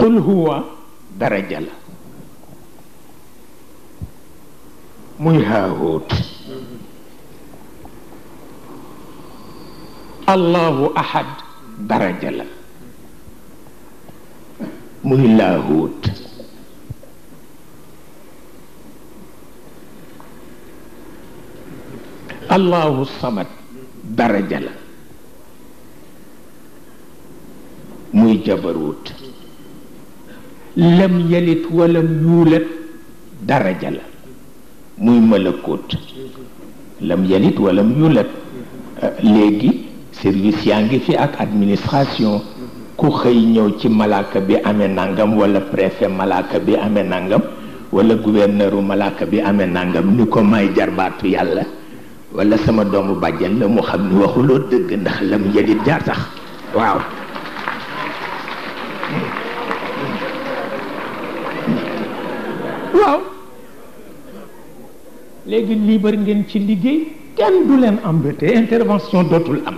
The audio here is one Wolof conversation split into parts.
قل هو درجة لا ميهاهوت الله أحد درجة لا ميلاهوت الله الصمد درجة لا ميجبروت جبروت lam yelit walam yuulat daraja la muy mëlëkoot lam yelit walam yuulat legi service yangi fi ak administration ku xey ñew ci malaka bi amé nangam wala préfet malaka bi amé nangam wala gouverneur malaka bi amé nangam ni ko may jarbaatu yalla wala sama doomu bajjal la mu xam ni waxuloo deug ndax lam yelit jaar sax waaw waaw léegi bari ngeen ci liggéey kenn du leen embêté intervention dootul am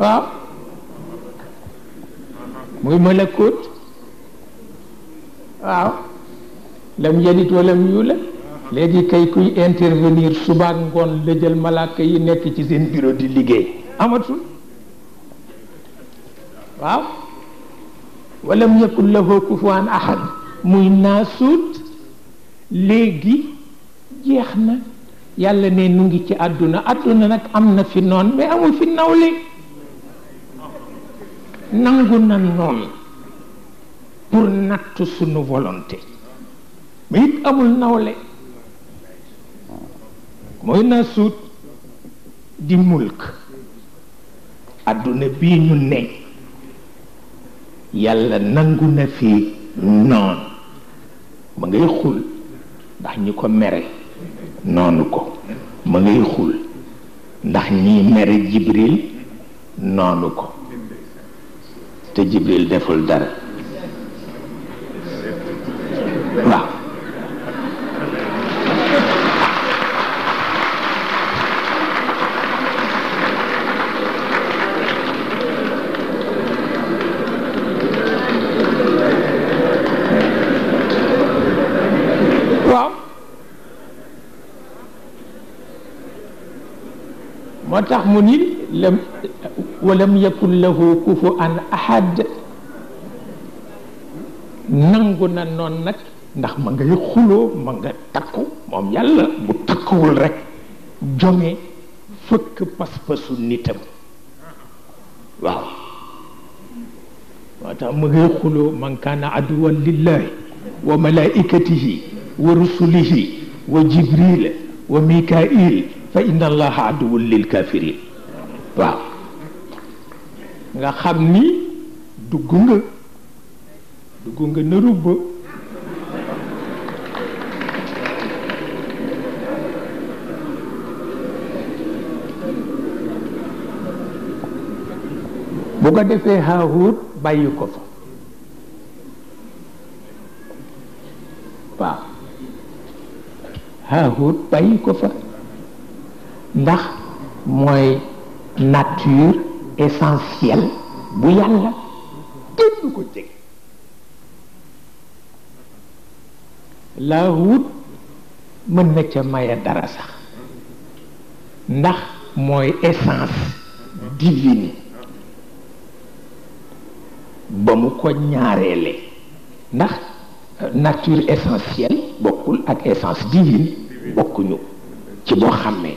waaw muy malakut waaw lam yelit walam yuula léegi kay kuy intervenir subaak ngoon la jël malaaka yi nekk ci seen biro di liggéey amatul waaw walam yakun lahu kufuwan ahad muy naasuut léegi jeex na yàlla ne nu ngi ci àdduna àdduna nag am na fi noon mais amul fi nawle nangu na noon pour natt sunu volonté mais it amul nawle mooy naasuut di mulk àdduna bii ñu ne yàlla nangu na fi noon ma ngay xul ndax ñi ko mere noonu ko ma ngay xul ndax ñi mere jibril noonu ko te jibril deful dara motax tax mu ni lam walam yakul lahu kufu an ahad nanguna non nak ndax ma ngay xuloo ma nga takku mom yàlla bu takkuul rek jome fëkk pas-pasu nitam waaw moo tax ma ngay xuloo man kana aduwan lillahi wa malaikatihi wa rusulihi wa jibril wa mikail فإن الله عدو للكافرين واو nga xamni duggu nga duggu nga na rubb bu ko defee haahuut bàyyi ko fa waaw haahuut bàyyi ko fa ndax mooy nature essentielle bu yàlla kenn du ko jege laahut mën na ca maye dara sax ndax mooy essence divine ba mu ko ñaareele ndax euh, nature essentielle bokkul ak essence divine bokkuñu ci boo xàmmee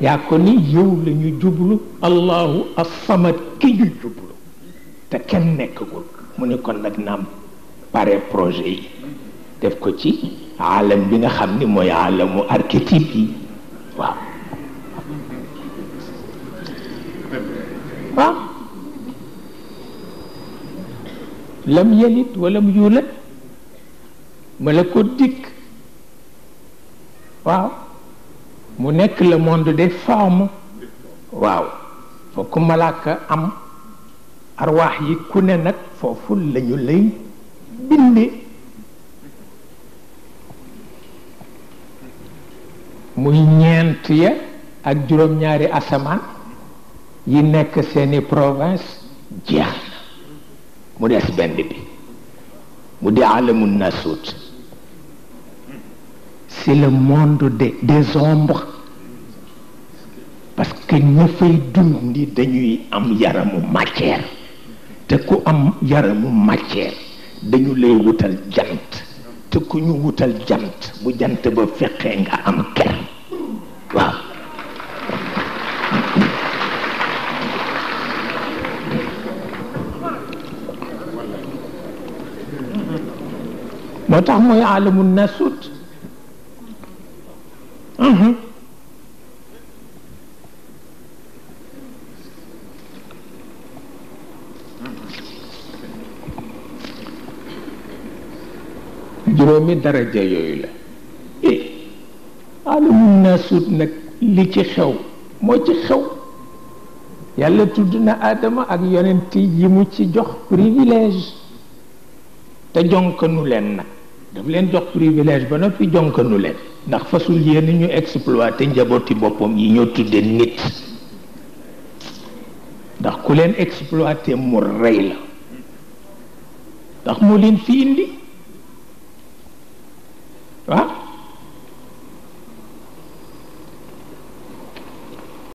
yaa ko ni yow la ñu jublu allahu asamad ki ñu jublu te kenn nekkagul mu ne kon nag naam pare projet yi def ko ci alam bi nga xam ni mooy alamu archétype yi waaw waaw lam yelit walam yuulat ma la ko dikk waaw mu nekk le monde de formes waaw fokk malaaka am arwaax yi ku ne nag foofu lañu lay bindee muy ñeent ya ak juróom-ñaari asamaan yi nekk seeni province jeex mu des benn bi mu di alamu nasuut c'est le monde des, ombres parce que nous faisons dund ni dañuy yaramu matière te ko am yaramu matière dañu lay wutal djant. te ko nous wutal faire Nous ba nga am ker waaw de nasut juróomi daraja yooyu la eh alamu sut nag li ci xew moo ci xew yàlla tudd na aadama ak yonent yi mu ci jox privilège te jonkanu leen nag daf leen jox privilège ba noppi jonkanu leen ndax fasul yéen ñu te njabooti boppam yi ñoo tudde nit ndax ku leen exploité mu rey la ndax moo leen fi indi